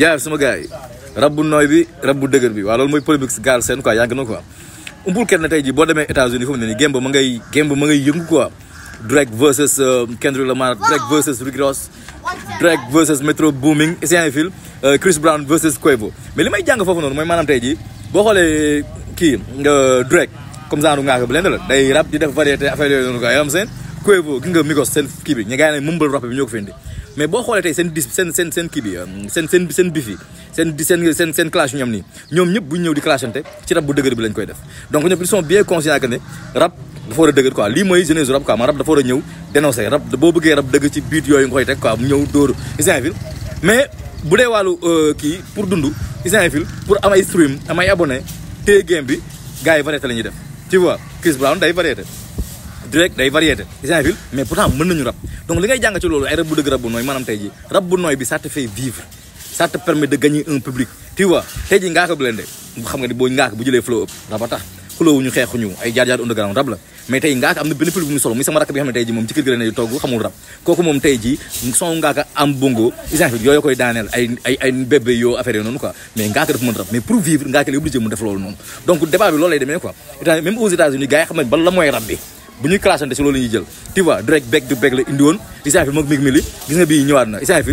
jaayal sama gars yi rab bu nooy bi rab bu dëgër bi waaw loolu mooy politique gaal seen quoi yàgg na ko umpul kenn tey jii boo demee États-Unis fu mu ne nii gémb ma ngay gémb ma ngay yëngu quoi Drake versus euh, Kendrick Lamar Drake versus Rick Ross versus Metro Booming Seinfeld euh, Chris Brown versus Quavo mais li may jàng foofu noonu mooy maanaam tey jii boo xoolee kii euh, Drake comme ça nu ngaa ko blend la day rap di def variété affaire yooyu noonu quoi yoo seen Quavo gi nga Migos seen kii bi ñu gars yi ne mumble rap bi ñoo ko fendi mais boo xoolee tey seen dis seen seen seen kii bi euh, seen seen seen bifi seen seen seen seen clash nii ñoom ñëpp bu ñëw di clashante ci rap bu dëgër bi lañ koy def donc ñoom ils sont bien conscients que ne dafa war a dëgër quoi lii mooy jeunesse rap quoi man rap dafa war a ñëw dénoncer rap boo bëggee rap dëgg ci biit yooyu nga koy teg quoi ñëw dóor isinfil mais bu dee euh, kii pour dund isinfil pour di rek day variété yaa ngi mais pourtant mën nañu rab donc li ngay jàng ci loolu ay rab bu dëgg rab bu nooy maanaam tey ji rab ko blende xam nga ni boo ngaa a tax xulóowuñu yoo noonu quoi mais ngaaka dafa mën rab mais pour vivre ngaaka lay obligé mu def loolu noonu donc débat loolu lay demee quoi même aux États-Unis gars yi xam nañ mooy rab bi bu ñuy clashante si loolu la ñuy jël tu vois direct back to back la indi woon Isaac mook mig gis nga bii ñëwaat na Isaac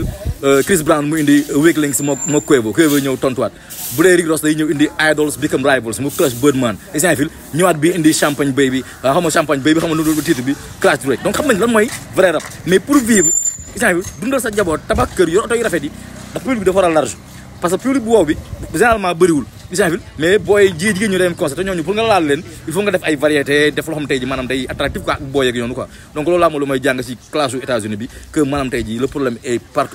euh, Chris Brown mu indi euh, Weaklings mook mook Quavo Quavo ñëw tontuwaat bu dee Rick Ross day ñëw indi Idols Become Rivals mu clash Birdman Isaac ñëwaat bii indi Champagne Baby ah, xam nga Champagne Baby xam nga nu doon bi clash direct donc xam nañ lan mooy vrai rap mais pour vivre Isaac dundal sa njaboot tabax kër yor oto yu rafet yi ndax public bi dafa a parce que public bu wow bi bëriwul Saint-Ville mais booy ji jigéen ñu dem concerté ñooñu pour nga laal leen il faut nga def ay variété def loo xam tey ji maanaam day attractif ak booy ak yoonu donc loolu laa ma lu may jàng si classe u États-Unis bi que maanaam ji le problème est part